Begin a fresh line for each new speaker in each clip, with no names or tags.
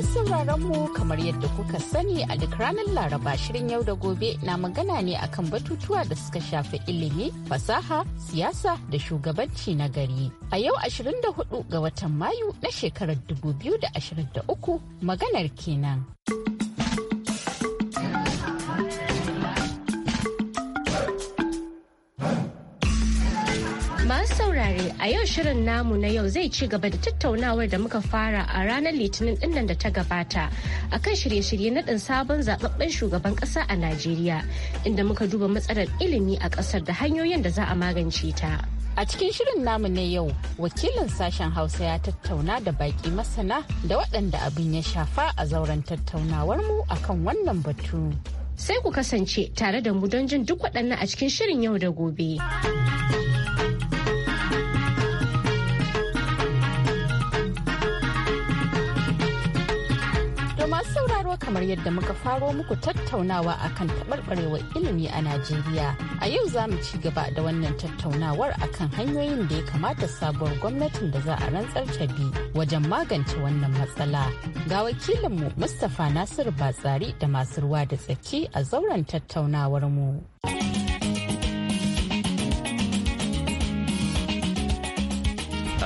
Masu mu kamar yadda kuka sani a duk ranar Laraba shirin yau da gobe na magana ne akan batutuwa da suka shafi ilimi, fasaha, siyasa da shugabanci na gari. A yau 24 ga watan Mayu na shekarar 2023 maganar kenan. saurare a yau shirin namu na yau zai ci gaba da tattaunawar da muka fara a ranar litinin dinnan da ta gabata akan shirye-shirye na ɗin sabon zababben shugaban ƙasa a Najeriya inda muka duba matsalar ilimi a ƙasar da hanyoyin da za a magance ta. A cikin shirin namu na yau, wakilin sashen Hausa ya tattauna da baki masana da waɗanda abin ya shafa a zauren tattaunawar mu akan wannan batu. Sai ku kasance tare da mu don jin duk waɗannan a cikin shirin yau da gobe. kamar yadda muka faro muku tattaunawa akan taɓarɓarewar ilimi a Najeriya. A yau za mu ci gaba da wannan tattaunawar akan hanyoyin da ya kamata sabuwar gwamnatin da za a rantsar ta bi wajen magance wannan matsala. Ga wakilinmu Mustapha Nasiru Batsari da masu ruwa da tsaki a zauren tattaunawar mu.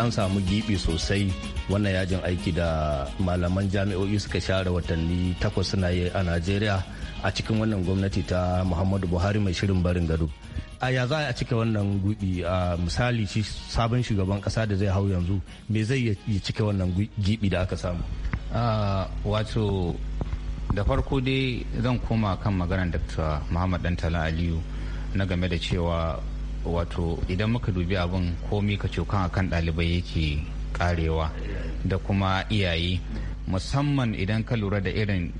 An samu gibi sosai wannan yajin aiki da malaman jami'o'i suka share watanni takwas suna yi a najeriya a cikin wannan gwamnati ta muhammadu buhari mai shirin barin gado a ya za a cika wannan gibi a misali shi sabon shugaban kasa da zai hau yanzu me zai yi cike wannan gibi da aka samu
wato da farko dai zan koma kan maganar dr muhammad dantala aliyu na game da cewa wato idan muka dubi abin komi ka cokan a kan ɗalibai yake karewa da kuma iyaye musamman idan ka lura da irin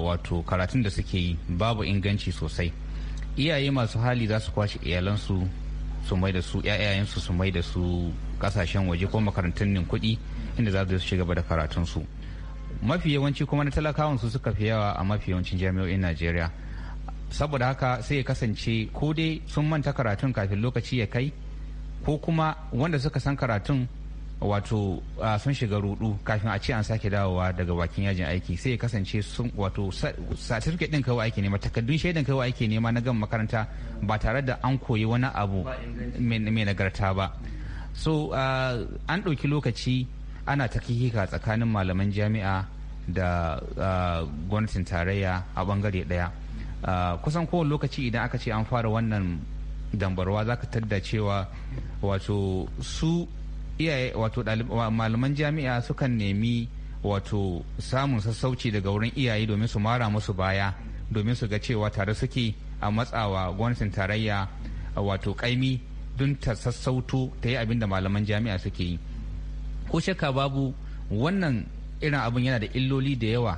wato karatun da suke yi babu inganci sosai iyaye masu hali za su kwashe iyalansu su mai da su yayayensu su mai da su kasashen waje ko makarantun nin kuɗi inda za su shiga da su mafi yawanci kuma na talakawan su suka fi yawa a mafi yawancin jami'o'in najeriya saboda haka sai ya kasance ko dai sun manta karatun kafin lokaci ya kai ko kuma wanda suka san karatun wato sun shiga rudu kafin a ce an sake dawowa daga bakin yajin aiki sai ya kasance sun wato satifiket din kawai aiki nema takaddun shaidan kawai aiki nema na gan makaranta ba tare da an koyi wani abu mai nagarta ba so an ɗauki lokaci ana ta tsakanin malaman jami'a da gwamnatin tarayya a bangare ɗaya kusan kowane lokaci idan aka ce an fara wannan dambarwa za ka tadda cewa wato su iyaye wato malaman jami'a sukan nemi wato samun sassauci daga wurin iyaye domin su mara musu baya domin su ga cewa tare suke a matsawa gwamnatin tarayya wato kaimi don ta sassauto ta yi abin da malaman jami'a suke yi ko shakka babu wannan irin abin yana da illoli da yawa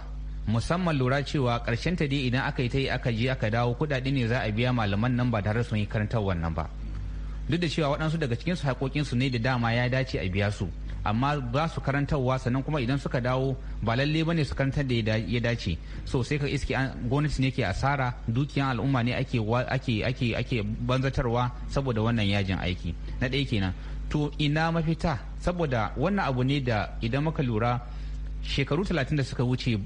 musamman lura cewa karshen ta dai idan aka yi ta yi aka je aka dawo kuɗaɗe ne za a biya malaman nan ba tare sun yi karantar wannan ba duk da cewa waɗansu daga cikin su haƙoƙinsu ne da dama ya dace a biya su amma ba su karantarwa sannan kuma idan suka dawo ba lalle ba ne su karantar da ya dace so sai ka iske gwamnati ne ke asara dukiyan al'umma ne ake ake ake banzatarwa saboda wannan yajin aiki na ɗaya kenan to ina mafita saboda wannan abu ne da idan muka lura shekaru talatin da suka wuce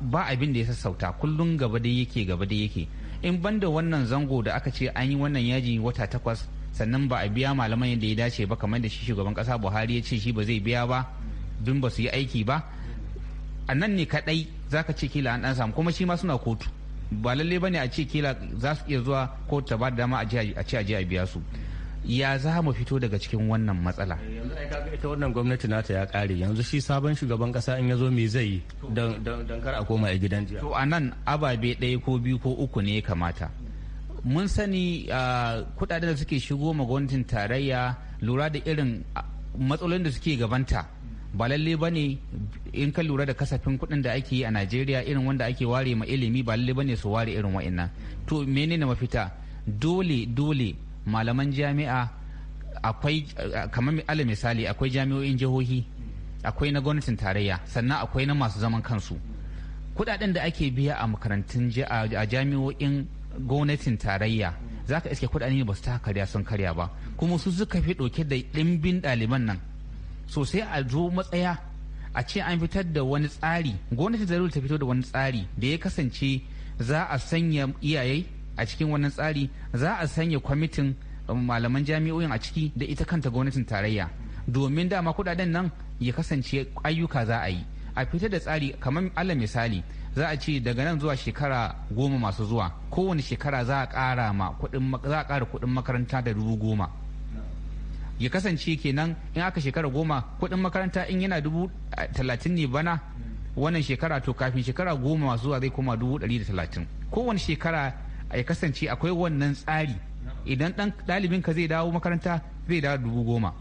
ba abin da ya sassauta kullum gaba da yake gaba da yake in banda wannan zango da aka ce an yi wannan yaji wata takwas sannan ba a biya malaman yadda ya dace ba kamar da shi shugaban kasa buhari ya ce shi ba zai biya ba dun ba su yi aiki ba a nan ne kadai za ka ce kila an dan samu kuma shi ma suna kotu ba lalle ba ne a ce kila za su iya zuwa kotu ta ba da dama a ce a je a biya su ya za mu fito daga cikin wannan matsala yanzu ai kaga ita wannan gwamnati nata ya kare yanzu shi sabon shugaban kasa in ya zo me zai yi don kar a koma a gidan jiya to anan ababe ɗaya ko biyu ko uku ne ya kamata mun sani kudaden da suke shigo ma gwamnatin tarayya lura da irin matsalolin da suke gabanta ba lalle ba ne in ka lura da kasafin kuɗin da ake yi a najeriya irin wanda ake ware ma ilimi ba lalle ba ne su ware irin wa'ina to menene mafita dole dole malaman jami'a akwai kamar ala misali akwai jami'o'in jihohi akwai na gwamnatin tarayya sannan akwai na masu zaman kansu kuɗaɗen da ake biya a makarantun a jami'o'in gwamnatin tarayya za ka iske kuɗaɗe ba su ta karya sun karya ba kuma su suka fi ɗauke da ɗimbin ɗaliban nan so sai a zo matsaya a ce an fitar da wani tsari gwamnati zarur ta fito da wani tsari da ya kasance za a sanya iyaye a cikin wannan tsari za a sanya kwamitin um, malaman jami'o'in a ciki da ita kanta gwamnatin tarayya domin dama kuɗaɗen nan ya kasance ayyuka za a yi a fitar da tsari kamar alal misali za a ce daga nan zuwa shekara goma masu zuwa kowane shekara za a ƙara ma kuɗin makaranta da dubu goma ya kasance kenan in aka shekara goma kuɗin makaranta in yana dubu talatin ne bana wannan shekara to kafin shekara goma masu zuwa zai koma dubu ɗari da talatin kowane shekara ya kasance akwai wannan tsari idan ɗan ɗalibin ka zai dawo makaranta zai dawo dubu goma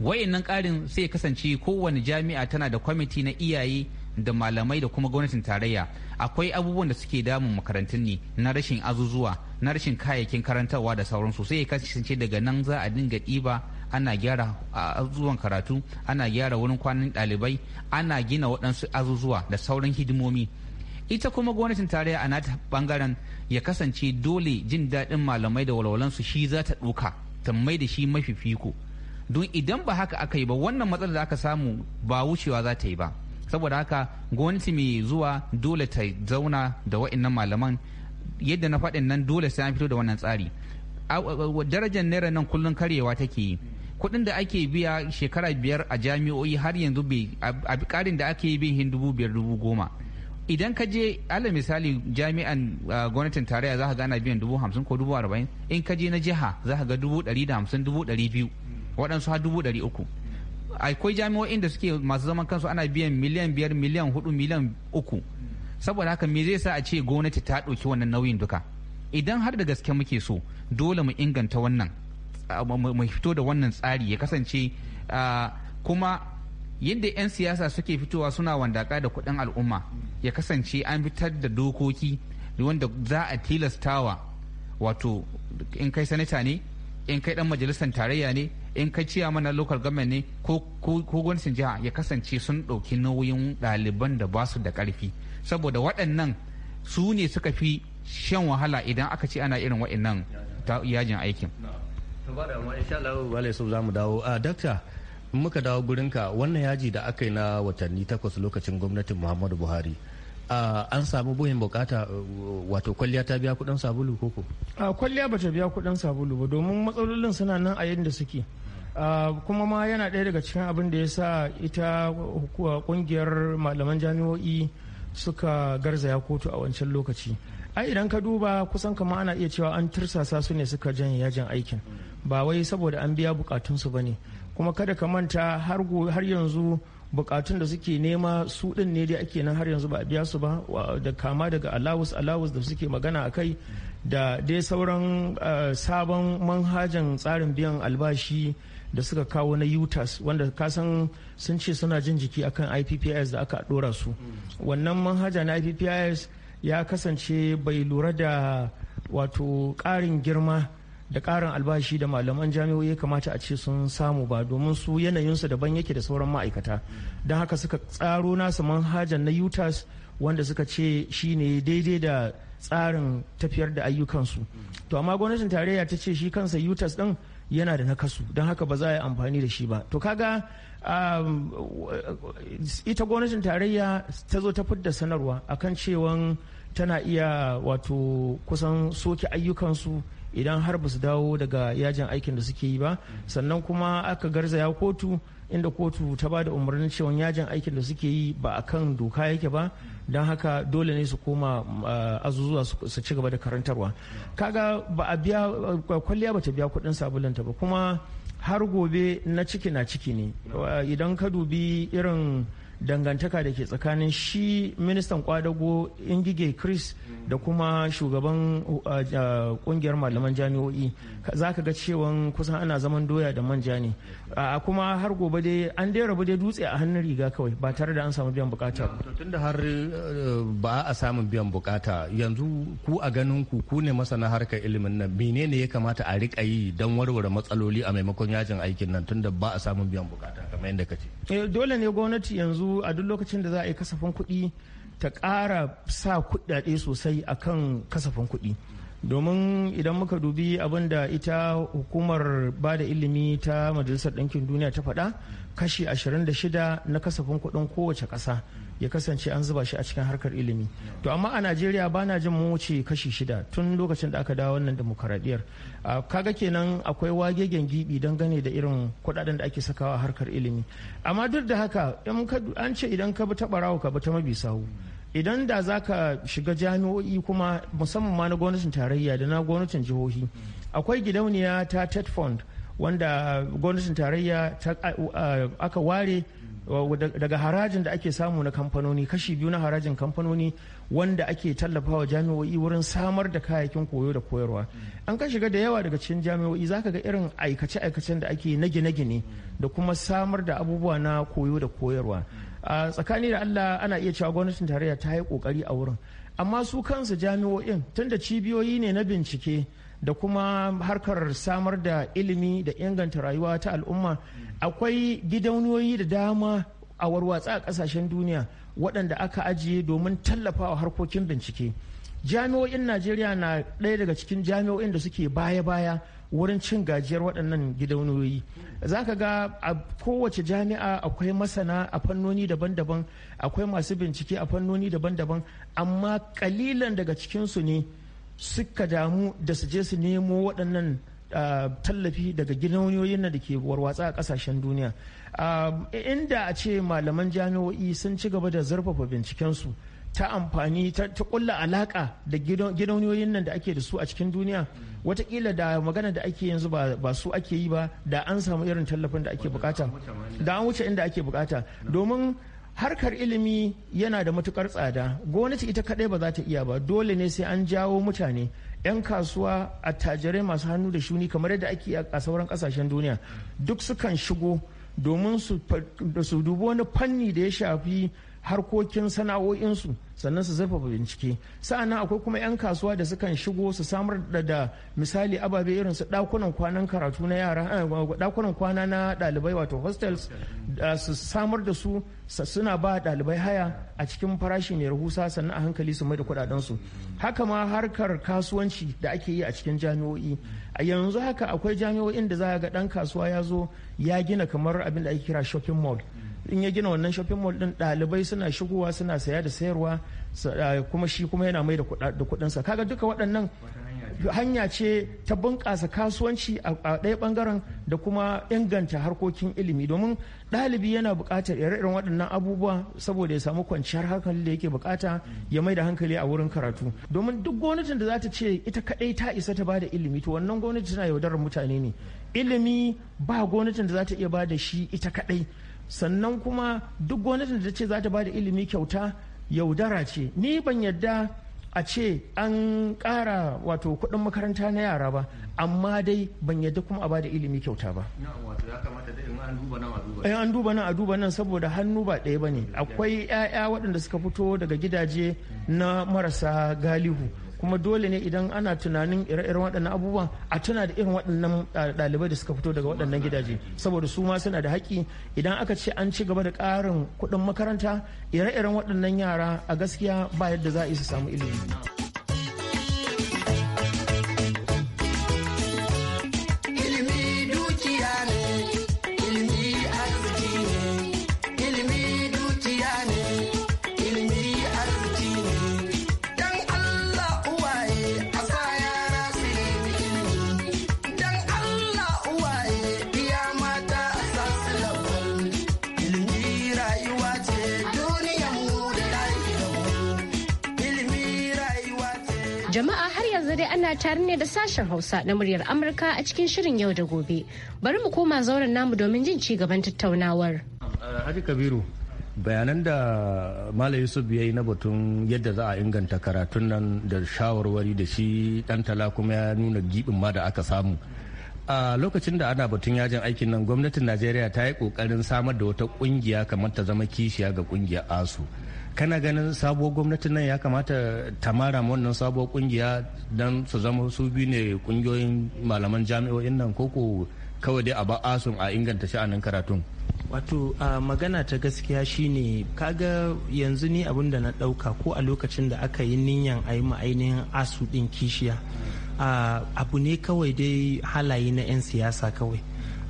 wayannan ƙarin sai ya kasance kowane jami'a tana da kwamiti na iyaye da malamai da kuma gwamnatin tarayya akwai abubuwan da suke damun makarantun ne na rashin azuzuwa na rashin kayayyakin karantarwa da sauransu sai ya kasance daga nan za a dinga ɗiba ana gyara azuzuwan karatu ana gyara wurin kwanan ɗalibai ana gina waɗansu azuzuwa da sauran hidimomi ita kuma gwamnatin tarayya a nata bangaren ya kasance dole jin daɗin malamai da walwalansu shi za ta ɗuka ta mai da shi mafi fiko don idan ba haka aka yi ba wannan matsalar da aka samu ba wucewa za ta yi ba saboda haka gwamnati mai zuwa dole ta zauna da wa'annan malaman yadda na faɗin nan dole sai an fito da wannan tsari darajar naira nan kullum karyewa take yi kuɗin da ake biya shekara biyar a jami'o'i har yanzu bai ƙarin da ake yi bin dubu biyar dubu goma idan ka je ala misali jami'an gwamnatin tarayya za ka gana biyan dubu hamsin ko dubu arba'in in ka je na jiha za ka ga dubu ɗari da hamsin dubu ɗari biyu waɗansu har dubu ɗari uku akwai jami'o'in da suke masu zaman kansu ana biyan miliyan biyar miliyan hudu miliyan uku saboda haka me zai sa a ce gwamnati ta ɗauki wannan nauyin duka idan har da gaske muke so dole mu inganta wannan mu fito da wannan tsari ya kasance kuma yadda 'yan siyasa suke fitowa suna wandaka da kuɗin al'umma ya kasance an fitar da dokoki wanda za a tilastawa wato in kai sanata ne in kai dan majalisar tarayya ne in kai ciya mana local government ne ko gwamnatin jiha ya kasance sun ɗauki nauyin ɗaliban da ba su da karfi saboda waɗannan su ne suka fi shan wahala idan aka ce ana irin waɗannan yajin aikin.
a ah, muka dawo gurinka wannan yaji da aka yi na watanni takwas lokacin gwamnatin muhammadu buhari an samu buhin bukata wato kwalliya ta biya kudin
sabulu koko? kwalliya ba ta biya kudin sabulu ba domin matsalolin suna nan a yadda suke kuma ma yana ɗaya daga cikin abin da ya sa ita kungiyar malaman jami'o'i suka garzaya kotu a wancan lokaci A idan ka duba kusan kama ana iya cewa an tirsasa su ne suka jan yajin aikin ba wai saboda an biya bukatunsu ba ne kuma kada ka manta har yanzu bukatun da suke nema su din ne dai ake nan har yanzu ba a biya su ba da kama daga alawus alawus da suke magana a kai da dai sauran uh, sabon manhajan tsarin biyan albashi da suka kawo na utas wanda kasan sun ce suna jin jiki akan ippis da aka dora su wannan manhaja na ippis ya kasance bai lura da wato ƙarin girma da ƙarin albashi da malaman jami'o'i kamata a ce sun samu ba domin su yanayinsu daban yake da sauran ma'aikata don haka suka tsaro nasu manhajan na utas wanda suka ce shi ne daidai da tsarin tafiyar da ayyukansu to amma gwamnatin tarayya ta ce shi kansa utas din yana da nakasu don haka ba za a yi amfani da shi ba to kaga um, ita gwamnatin tarayya ta zo ta fidda sanarwa akan cewan tana iya wato kusan soke ayyukansu idan har ba su dawo daga yajin aikin da suke yi ba sannan kuma aka garzaya kotu inda kotu ta ba da umarnin cewa yajin aikin da suke yi ba a kan doka yake ba don haka dole ne su koma eh, azuzuwa su ci gaba da karantarwa kaga ba a biya kwalliya ba ta biya kudin sabulanta ba kuma har gobe na ciki na ciki ne idan ka dubi irin dangantaka da ke tsakanin shi ministan kwadago ingige chris da kuma shugaban uh, uh, kungiyar malaman jami'o'i za ka ga cewa kusan ana zaman doya da manja ne a uh, kuma har gobe dai an dai rabu dai dutse a hannun riga kawai ba tare da an samu biyan bukata tun
da har ba a samun biyan bukata yanzu ku a ganin ku ku ne masana harkar ilimin nan menene ya kamata a rika yi don warware matsaloli a maimakon yajin aikin
nan tunda ba a samun biyan bukata kamar yadda ka ce eh, dole ne gwamnati yanzu a duk lokacin da za a yi kasafin kuɗi ta ƙara sa kuɗaɗe sosai akan kasafin kuɗi domin idan muka dubi abin da ita hukumar ba da ilimi ta majalisar ɗinkin duniya ta faɗa kashi 26 na kasafin kuɗin kowace ƙasa ya kasance an zuba shi a cikin harkar ilimi to amma a najeriya ba na jin wuce kashi shida tun lokacin da aka dawo wannan demokaradiyar kaga kenan akwai wagegen gibi dangane da irin kudaden da ake sakawa a harkar ilimi amma duk da haka an ce idan ka bi ta barawo ka bi ta mabi sahu idan da za ka shiga jami'o'i kuma musamman ma na gwamnatin tarayya da na gwamnatin jihohi akwai gidauniya ta ted fund wanda gwamnatin tarayya aka ware daga harajin da ake samu na kamfanoni kashi biyu na harajin kamfanoni wanda ake tallafawa jami'o'i wurin samar da kayayyakin koyo da koyarwa an ka shiga da yawa daga cikin jami'o'i za ka ga irin aikace-aikacen da ake na gine-gine da kuma samar da abubuwa na koyo da koyarwa a tsakani da allah ana iya cewa gwamnatin tarayya ta yi kokari a wurin amma su kansu jami'o'in tunda cibiyoyi ne na bincike da kuma harkar samar da ilimi da inganta rayuwa ta al'umma akwai gidauniyoyi da dama a warwatsa a kasashen duniya waɗanda aka ajiye domin tallafawa harkokin bincike jami'o'in najeriya na ɗaya daga cikin jami'o'in da suke baya-baya wurin cin gajiyar waɗannan gidauniyoyi za ka ga a kowace jami'a akwai masana a fannoni daban-daban akwai masu bincike a fannoni daban-daban amma kalilan daga cikinsu ne suka damu da su je su nemo waɗannan ah, tallafi daga gidauniyoyin da ke warwatsa a ƙasashen duniya ah, inda a ce malaman jami'o'i sun ci gaba da zarfafa bincikensu ta amfani ta kulla alaƙa da gidauniyoyin nan da ake da su a cikin duniya watakila da magana da ake yanzu ba su ake yi ba da an samu irin tallafin da ake bukata da an wuce inda ake bukata domin harkar ilimi yana da matukar tsada gwamnati ita kadai ba za ta iya ba dole ne sai an jawo mutane 'yan kasuwa a tajirai masu hannu da shuni kamar yadda ake a sauran kasashen duniya duk sukan shigo domin su dubi wani fanni da ya shafi harkokin sana'o'insu sannan su zurfafa bincike sa'annan akwai kuma 'yan kasuwa da sukan shigo su samar da misali ababe irin su dakunan kwanan karatu na yara dakunan eh, kwana na dalibai wato hostels su samar da su suna ba dalibai haya a cikin farashi mai rahusa sannan a hankali su mai da haka ma harkar kasuwanci da ake yi a cikin jami'o'i a yanzu haka akwai jami'o'in da za ga dan kasuwa ya zo ya gina kamar abin da ake kira shopping mall in ya gina wannan shopping mall din ɗalibai suna shigowa suna saya da sayarwa ah, kuma shi kuma yana mai da sa kaga duka waɗannan hanya ce ta bunƙasa kasuwanci a ɗaya ɓangaren da kuma inganta harkokin ilimi domin ɗalibi yana buƙatar ire-iren waɗannan abubuwa saboda ya samu kwanciyar hankali da yake buƙata ya mai da hankali a wurin karatu domin duk gwamnatin da za ta ce ita kaɗai ta isa ta bada ilimi to wannan gwamnati tana yaudarar mutane ne ilimi ba gwamnatin da za ta iya bada shi ita kaɗai sannan kuma duk gwamnatin da ce za ta bada ilimi kyauta yaudara ce ni ban yadda a ce an ƙara wato kuɗin makaranta na yara ba amma dai ban yadda kuma a ba da ilimi kyauta ba in an duba nan a duba nan saboda hannu ba ɗaya ba ne akwai 'ya'ya waɗanda suka fito daga gidaje na marasa galihu kuma dole ne idan ana tunanin ire-iren waɗannan abubuwa a tuna da irin waɗannan ɗalibai da suka fito daga waɗannan gidaje saboda su ma suna da haƙƙi idan aka ce an ci gaba da ƙarin kuɗin makaranta ire-iren waɗannan yara a gaskiya ba yadda za a yi su samu ilimi.
Jama'a har yanzu dai ana tare ne da sashen Hausa na muryar Amurka a cikin shirin yau da gobe. Bari mu koma zauren namu domin jin ci gaban tattaunawar.
Eh, Haji Kabiru, bayanan da Malam Yusuf ya yi na batun yadda za a inganta karatun nan da shawarwari da shi dan tala kuma ya nuna gibin ma da aka samu. a lokacin da ana batun yajin aikin nan gwamnatin najeriya ta yi kokarin samar da wata kungiya kamar ta zama kishiya ga kungiyar asu kana ganin sabuwar gwamnatin nan ya kamata ta mara wannan sabuwar kungiya don su zama su biyu ne kungiyoyin malaman jami'o'in nan koko kawai dai a ba asun a inganta sha'anin karatun
wato uh, magana ta gaskiya shine kaga yanzu ni abin da na ɗauka ko a lokacin da aka yi niyan a yi ma'ainihin asu ɗin kishiya uh, abu ne kawai dai halaye na 'yan siyasa kawai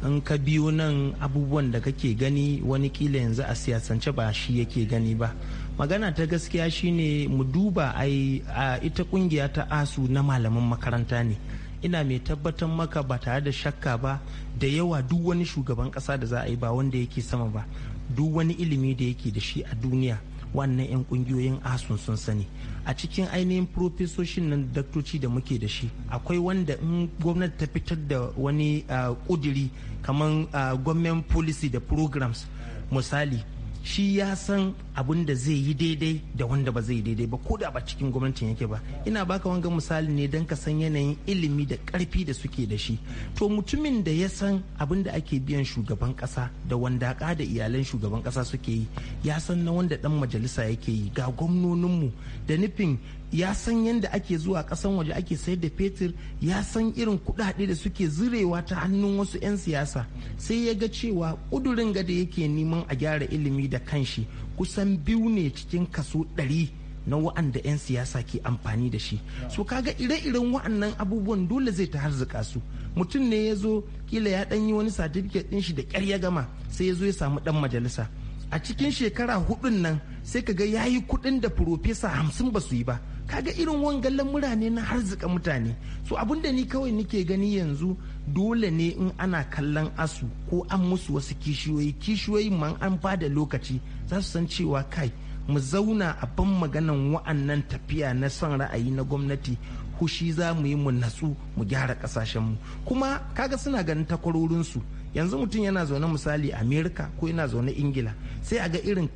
in ka biyo nan abubuwan da kake gani wani kila yanzu a siyasance ba shi yake gani ba magana ta gaskiya shine mu duba ai ita kungiya ta asu na malaman makaranta ne ina mai tabbatar maka ba tare da shakka ba da yawa duk wani shugaban kasa da za a yi ba wanda yake sama ba duk wani ilimi da yake da shi a duniya wannan 'yan kungiyoyin asun sun sani a cikin ainihin profesoshin nan daktoci da muke da shi akwai wanda in gwamnati ta fitar da wani ƙudiri kamar gwamnan policy da programs misali shi ya san abin da zai yi daidai da wanda ba zai yi daidai ba ko da ba cikin gwamnatin yake ba ina baka wanga misali ne don ka san yanayin ilimi da karfi da suke da shi to mutumin da ya san abin da ake biyan shugaban kasa da ka da iyalan shugaban kasa suke yi ya san na wanda dan majalisa yake yi ga gwamnoninmu da nufin ya san yadda ake zuwa kasan waje ake sayar da fetur ya san irin kudade da suke zurewa ta hannun wasu 'yan siyasa sai ya ga cewa kudurin gada yake neman a gyara ilimi da kanshi kusan biyu ne cikin kaso ɗari na wa'anda 'yan siyasa ke amfani da shi so kaga ire-iren wa'annan abubuwan dole zai ta harzika su mutum ne ya zo kila ya ɗanyi wani satifiket ɗin shi da ƙyar ya gama sai ya zo ya samu ɗan majalisa a cikin shekara hudun nan sai ka ga ya yi kuɗin da profesa hamsin ba su yi ba kaga irin wangan lamura na harzika mutane so abun da ni kawai nake gani yanzu dole ne in ana kallon asu ko an musu wasu kishiyoyi kishiyoyi man an bada lokaci za su san cewa kai mu zauna a ban maganan wa'annan tafiya na son ra'ayi na gwamnati hushi za mu yi mu natsu mu gyara kasashenmu kuma kaga suna ganin takwarorinsu yanzu mutum yana zaune misali amerika ko yana zaune ingila sai a ga irin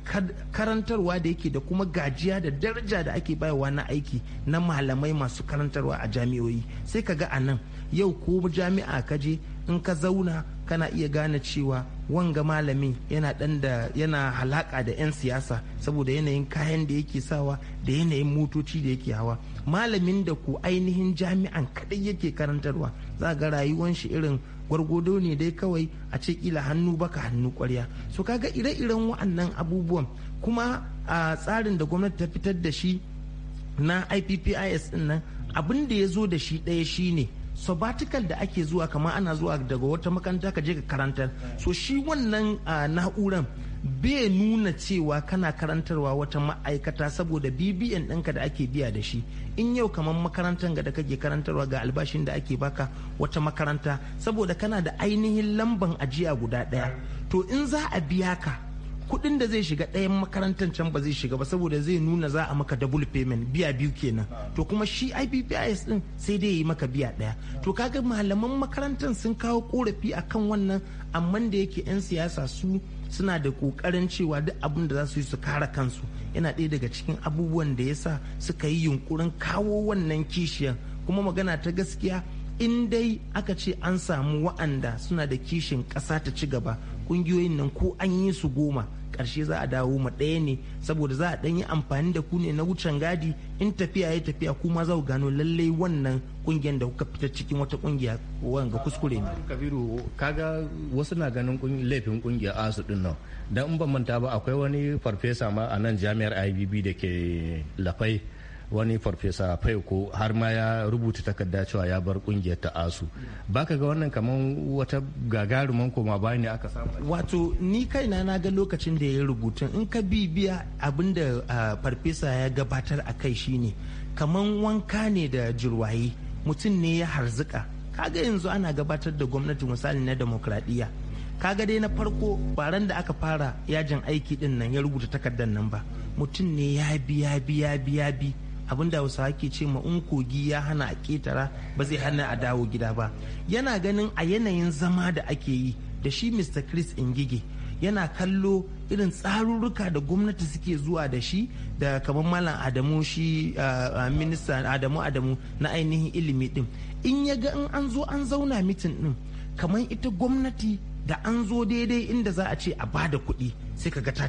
karantarwa da yake da kuma gajiya da daraja da ake bayarwa na aiki na malamai masu karantarwa a jami'oyi sai ka ga a nan yau ko jami'a ka je in ka zauna kana iya gane cewa wanga malamin yana dan da yana halaka da 'yan siyasa saboda yanayin kayan da yake sawa da yanayin motoci da yake hawa malamin da ku ainihin jami'an kadai yake karantarwa za ga rayuwan shi irin gwargwado ne dai kawai a ce kila hannu baka hannu kwarya so kaga ire-iren wa'annan abubuwan kuma a tsarin da gwamnati ta fitar da shi na ippis din nan abin da ya zo da shi ɗaya shine ne sabbatical da ake zuwa kamar ana zuwa daga wata makaranta ka je ka karantar so shi wannan na'uran bai nuna cewa kana karantarwa wata ma'aikata saboda bbn ɗinka da ake biya da shi in yau kamar makarantar ga da kake karantarwa ga albashin da ake baka wata makaranta saboda kana da ainihin lamban ajiya guda ɗaya to in za a biya ka kuɗin da zai shiga ɗayan makarantar can ba zai shiga ba saboda zai nuna za a maka double payment biya biyu kenan to kuma shi IBPIS din sai dai yi maka biya ɗaya to kaga malaman makarantar sun kawo korafi akan wannan amma da yake 'yan siyasa su suna da kokarin cewa duk abin da za su yi su kara kansu yana ɗaya daga cikin abubuwan da ya sa suka yi yunkurin kawo wannan kishiyar kuma magana ta gaskiya in dai aka ce an samu wa'anda suna da kishin ƙasa ta ci gaba kungiyoyin nan ko an yi su goma karshe za a dawo ma ɗaya ne saboda za a ɗan yi amfani da ku ne na wucin gadi in tafiya ya tafiya kuma za ku gano lallai wannan kungiyar da kuka fita cikin wata kungiya ga kuskure ne kabiru kaga wasu na ganin
laifin ƙungiyar asu din nan dan in ban manta ba akwai wani farfesa ma a nan jami'ar ibb da ke lafai wani farfesa faiko har ma ya rubuta takarda cewa ya bar kungiyar ta asu baka ga wannan kamar wata gagaruman koma bayan ne aka
samu wato ni kaina na ga lokacin da ya rubutun in ka bibiya abin da farfesa ya gabatar a kai shine kaman wanka ne da jirwaye mutum ne ya harzika kaga yanzu ana gabatar da gwamnati misali na demokradiyya kaga dai na farko baran da aka fara yajin aiki din nan ya rubuta takardar nan ba mutum ne ya bi ya bi ya bi ya bi abin da hausa ke ce ma in kogi ya hana a ketara ba zai hana a dawo gida ba yana ganin a yanayin zama da ake yi da shi mr chris ingige yana kallo irin tsarurruka da gwamnati suke zuwa da shi da kamar malam adamu shi eh, eh, minista adamu adamu na ainihin ilimi din in ya ga in an zo an zauna mitin din kamar ita gwamnati da an zo daidai inda za a ce a bada kuɗi sai ka ga ta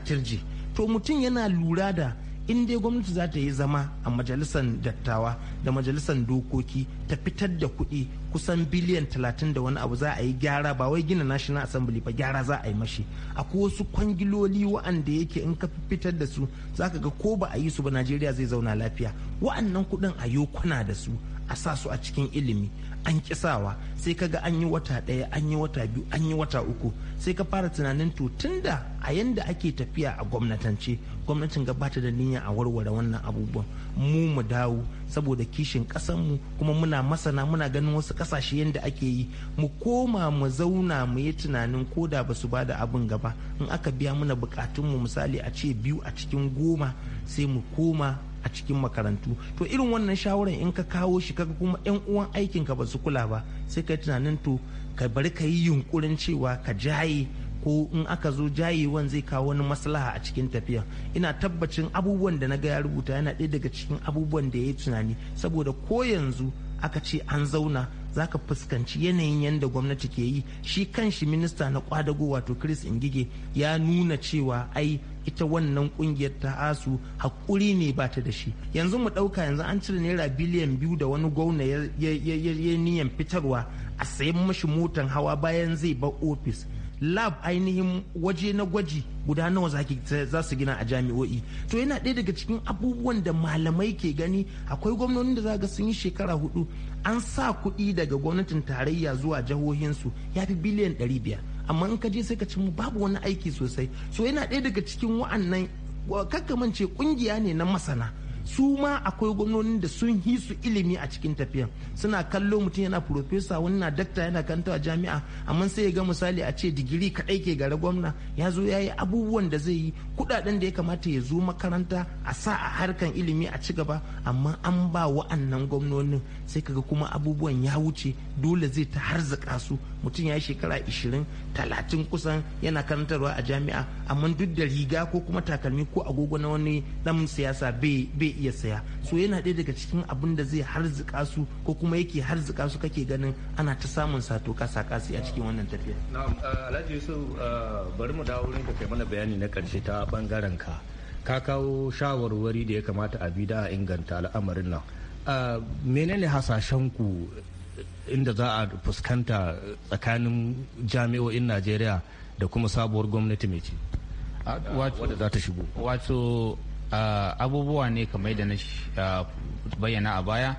to mutum yana lura da in dai gwamnati za ta yi zama a majalisar dattawa da majalisar dokoki ta fitar da kuɗi kusan biliyan talatin da wani abu za a yi gyara ba wai gina national assembly ba gyara za a yi mashi akwai wasu kwangiloli wa'anda yake in ka fitar da su za ka ga ko ba a yi su ba najeriya zai zauna lafiya wa'annan kuɗin a yokuna da su a sa su a cikin ilimi an kisawa sai ka ga an yi wata ɗaya an yi wata biyu an yi wata uku sai ka fara tunanin to tunda a yanda ake tafiya a gwamnatance gwamnatin gabata da niyya a warware wannan abubuwan mu mu dawo saboda kishin mu kuma muna masana muna ganin wasu ƙasashe yadda ake yi mu koma mu zauna mu yi tunanin koda ba su bada abin gaba in aka biya muna bukatunmu misali a ce biyu a cikin goma sai mu koma a cikin makarantu to irin wannan shawarar in ka kawo shi kaga kuma yan uwan aikin ka ba su kula ba sai ka tunanin to ka bari ka yi yunkurin cewa ka jaye ko in aka zo jayewan zai kawo wani maslaha a cikin tafiya ina tabbacin abubuwan da na ga ya rubuta yana ɗaya daga cikin abubuwan da ya yi tunani saboda ko yanzu aka ce an zauna zaka fuskanci yanayin yadda gwamnati ke yi shi kanshi minista na kwadago wato chris ingige ya nuna cewa ai ita wannan kungiyar ta asu haƙuri ne ba ta da shi yanzu mu ɗauka yanzu an cire naira biliyan biyu da wani gwamna ya niyan fitarwa a sayan mashi motan hawa bayan zai bar ofis lab ainihin waje na gwaji guda nawa za su gina a jami'o'i to yana ɗaya daga cikin abubuwan da malamai ke gani akwai gwamnonin da za ga sun yi shekara hudu an sa kuɗi daga gwamnatin tarayya zuwa jihohinsu ya fi biliyan ɗari biyar amma in ka je sai ka ci babu wani aiki sosai so yana ɗaya daga cikin wa'annan kakkamance ƙungiya ne na masana su ma akwai gwamnonin da sun yi su ilimi a cikin tafiyan suna kallo mutum yana profesa wani na dakta yana a jami'a amma sai ya ga misali a ce digiri kaɗai ke gare gwamna ya zo ya yi abubuwan da zai yi kuɗaɗen da ya kamata ya zo makaranta a sa a harkan ilimi a ci gaba amma an ba wa'annan gwamnonin sai kaga kuma abubuwan ya wuce dole zai ta harzika su mutum ya yi shekara 20 talatin kusan yana karantarwa a jami'a amma duk da riga ko kuma takalmi ko agogo na wani dan siyasa bai iya saya so yana ɗaya daga cikin abin da zai harzika su ko kuma yake harzika su kake ganin ana ta samun sato kasa kasi a cikin wannan tafiya
uh, alhaji yusuf
uh, bari mu dawo wurin ka kai mana bayani na karshe ta bangaren ka ka kawo shawarwari da ya kamata a bi da inganta al'amarin nan uh, menene hasashen ku inda za a fuskanta tsakanin jami'o'in najeriya da kuma sabuwar gwamnati mai ce.
wato abubuwa ne kamar da na bayyana a baya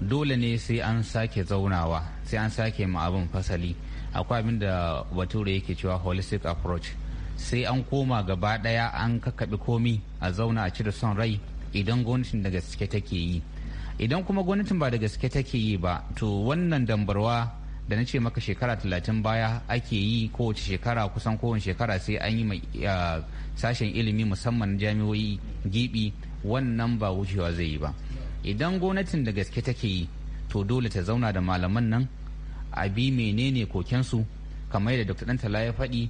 dole ne sai an sake zaunawa sai an sake ma abin fasali akwai abin da bature yake cewa holistic approach sai an koma gaba daya an kakaɓi komi a zauna a cire son rai idan gwamnatin da gaske take yi idan kuma gwamnatin ba da gaske take yi ba to wannan dambarwa da na ce maka shekara talatin baya ake yi kowace shekara kusan kowace shekara sai an yi sashen ilimi musamman jami'o'i gibi wannan ba wucewa zai yi ba idan gwamnatin da gaske take yi to dole ta zauna da malaman nan a bi menene kokensu kamar yadda dr dantala ya faɗi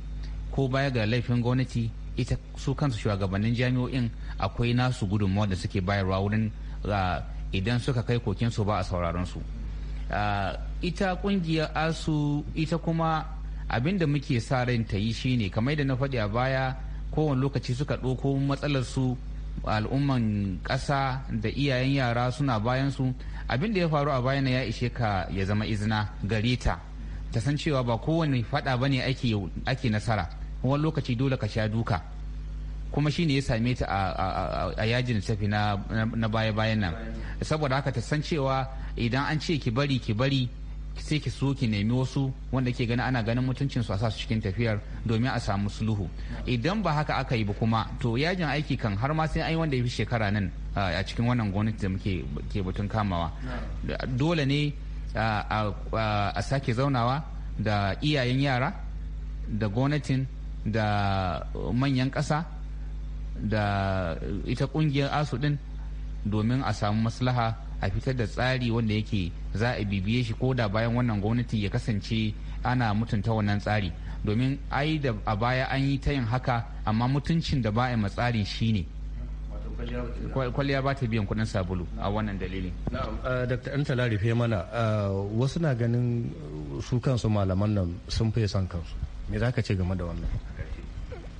ko baya ga laifin gwamnati ita su kansu shugabannin jami'o'in akwai nasu gudunmawa da suke bayarwa wurin idan suka kai kokin su ba a sauraron su ah, ita kungiyar asu ita kuma abin da muke sa ran ta yi shine kamar da na faɗi a baya kowane lokaci suka ɗauko matsalar su al'umman ƙasa da iyayen yara suna bayan su abin da ya faru a bayan ya ishe ka ya zama izina gare ta ta san cewa ba kowane faɗa ba ne ake nasara wani lokaci dole ka sha duka kuma shi ne ya same ta a yajin tafi na baya-bayan nan saboda haka ta san cewa idan an ce ki bari ki bari sai ki so ki nemi wasu wanda ke gani ana ganin mutuncin su a sa su cikin tafiyar domin a samu sulhu idan ba haka aka yi ba kuma to yajin aiki kan har ma sai an yi wanda ya fi shekara nan a cikin wannan gwamnati da muke ke batun kamawa dole ne a sake zaunawa da iyayen yara da gwamnatin da manyan ƙasa da ita kungiyar asu din domin a samu maslaha a fitar da tsari wanda yake za a bibiye shi ko da bayan wannan gwamnati ya kasance ana mutunta wannan tsari domin ai da a baya an yi ta yin haka amma mutuncin da ba a tsari shine kwalliya ba ta biyan kudin sabulu a wannan dalilin. Uh, Dr. Antala rufe mana
uh, wasu na ganin su kansu malaman nan sun fi son kansu. Me za ka ce game da wannan?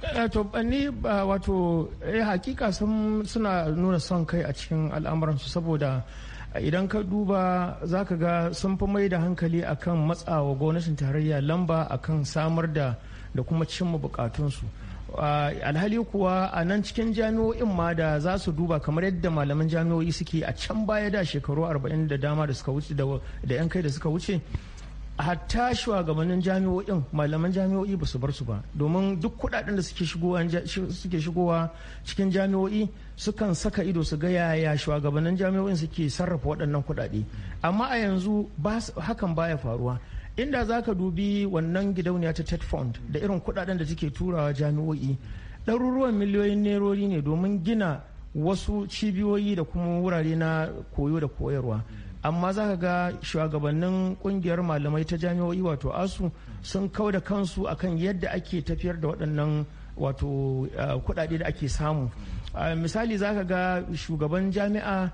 Eh, to ni wato eh, hakika sun suna nuna son kai a cikin al'amuransu saboda idan ka duba za ka ga sun fi mai da hankali akan matsawa gwamnatin tarayya lamba akan samar da da kuma cimma bukatunsu alhali kuwa a nan cikin jami'o'in ma da za su duba kamar yadda malaman jami'o'i suke a can baya da shekaru 40 da dama da 'yan kai da suka wuce hatta shugabannin jami'o'in malaman jami'o'i ba su bar su ba domin duk kudaden da suke shigowa cikin jami'o'i sukan saka ido su ga yaya shugabannin jami'o'in suke sarrafa waɗannan kudade amma a yanzu hakan baya faruwa inda za ka dubi wannan gidauniya ta ted fund da irin kudaden da take turawa jami'o'i ɗaruruwan miliyoyin nerori ne domin gina wasu cibiyoyi da kuma wurare na koyo da koyarwa amma za ka ga shugabannin kungiyar malamai ta jami'o'i wato asu sun kau da kansu akan yadda ake tafiyar da waɗannan wato eh, kuɗaɗe da ake samu misali za ka ga shugaban jami'a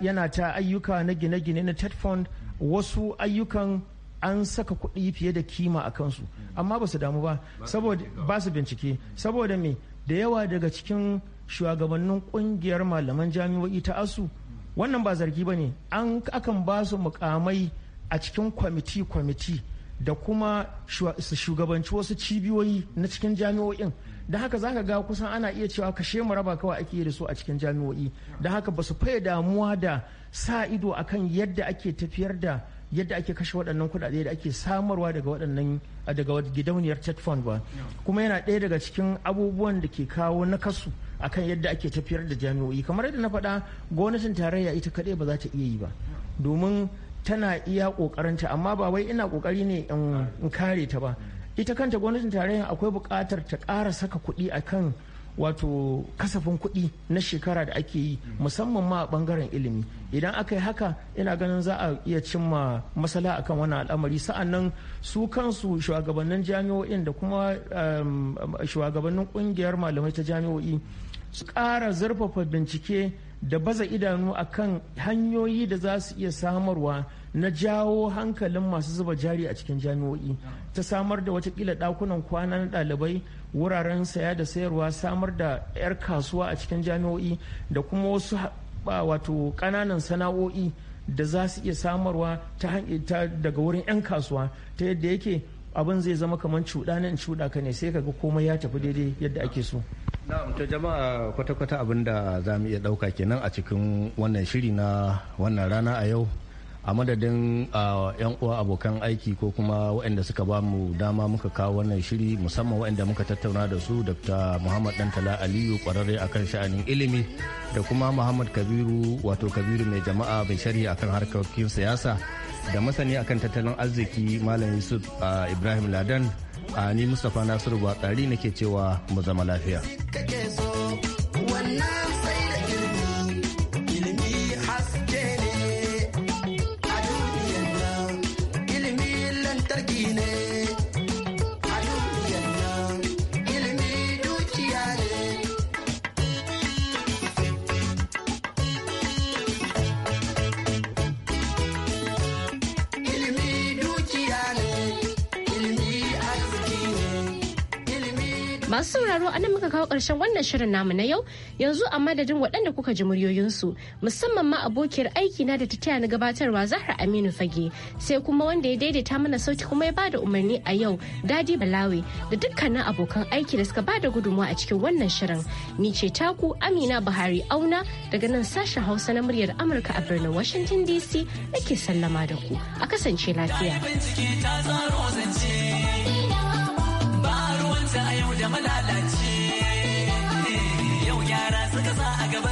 yana ta ayyuka na gine-gine na ted fund wasu ayyukan an saka kuɗi fiye da kima a kansu amma ba su damu ba saboda ba su bincike saboda me da yawa daga cikin shugabannin kungiyar malaman jami'o'i ta asu wannan ba zargi ba ne an akan ba su mukamai a cikin kwamiti kwamiti da kuma su shugabanci wasu cibiyoyi na cikin jami'o'in da haka za ka ga kusan ana iya cewa kashe mu raba kawai ake yi da su a cikin jami'o'i da haka ba su faye damuwa da sa ido akan yadda ake tafiyar da yadda ake kashe waɗannan kuɗaɗe da ake samarwa daga waɗannan daga gidauniyar chat fund ba kuma yana ɗaya daga cikin abubuwan da ke kawo na nakasu akan yadda ake tafiyar da jami'o'i kamar yadda na faɗa gwamnatin tarayya ita kaɗai ba za ta iya yi ba domin tana iya ƙoƙarinta amma ba wai ina ƙoƙari ne in kare ta ba ita kanta gwamnatin tarayya akwai buƙatar ta ƙara saka kuɗi akan wato kasafin kuɗi na shekara da ake yi musamman ma a ɓangaren ilimi idan aka yi haka ina ganin za a iya cimma masala akan wannan al'amari sa'annan su kansu shugabannin jami'o'in da kuma um, shugabannin ƙungiyar malamai ta jami'o'i su ƙara zurfafa bincike da baza idanu akan hanyoyi da za su iya samarwa na jawo hankalin masu zuba jari a cikin jami'o'i ta samar da watakila dakunan kwana na dalibai wuraren saya da sayarwa samar da 'yar kasuwa a cikin jami'o'i da kuma wasu wato ƙananan sana'o'i da za su iya samarwa ta daga wurin 'yan kasuwa ta yadda yake abin zai zama kamar cuɗa nan cuɗa ka ne sai ka ga komai ya tafi daidai yadda ake so.
Na'am to jama'a kwata-kwata abin da za mu iya ɗauka kenan a cikin wannan shiri na wannan rana a yau a madadin yan uwa abokan aiki ko kuma waɗanda suka ba mu dama muka kawo wannan shiri musamman waɗanda muka tattauna da su dr muhammad dantala aliyu kwararre akan sha'anin ilimi da kuma muhammad kabiru wato kabiru mai jama'a mai sharhi akan harkokin siyasa da masani akan tattalin arziki malam yusuf ibrahim ladan a ni mustapha nasiru batsari nake cewa mu zama lafiya.
Masu sauraro a nan muka kawo ƙarshen wannan shirin namu na yau yanzu a madadin waɗanda kuka ji muryoyinsu musamman ma abokiyar aiki na da ta taya na gabatarwa Zahra Aminu Fage sai kuma wanda ya daidaita mana sauti kuma ya bada umarni a yau Dadi Balawi da dukkanin abokan aiki da suka bada gudunmawa a cikin wannan shirin. Ni ce taku Amina Buhari Auna daga nan sashen Hausa na muryar Amurka a birnin Washington DC nake sallama da ku a kasance lafiya.
sai a yau da malalaci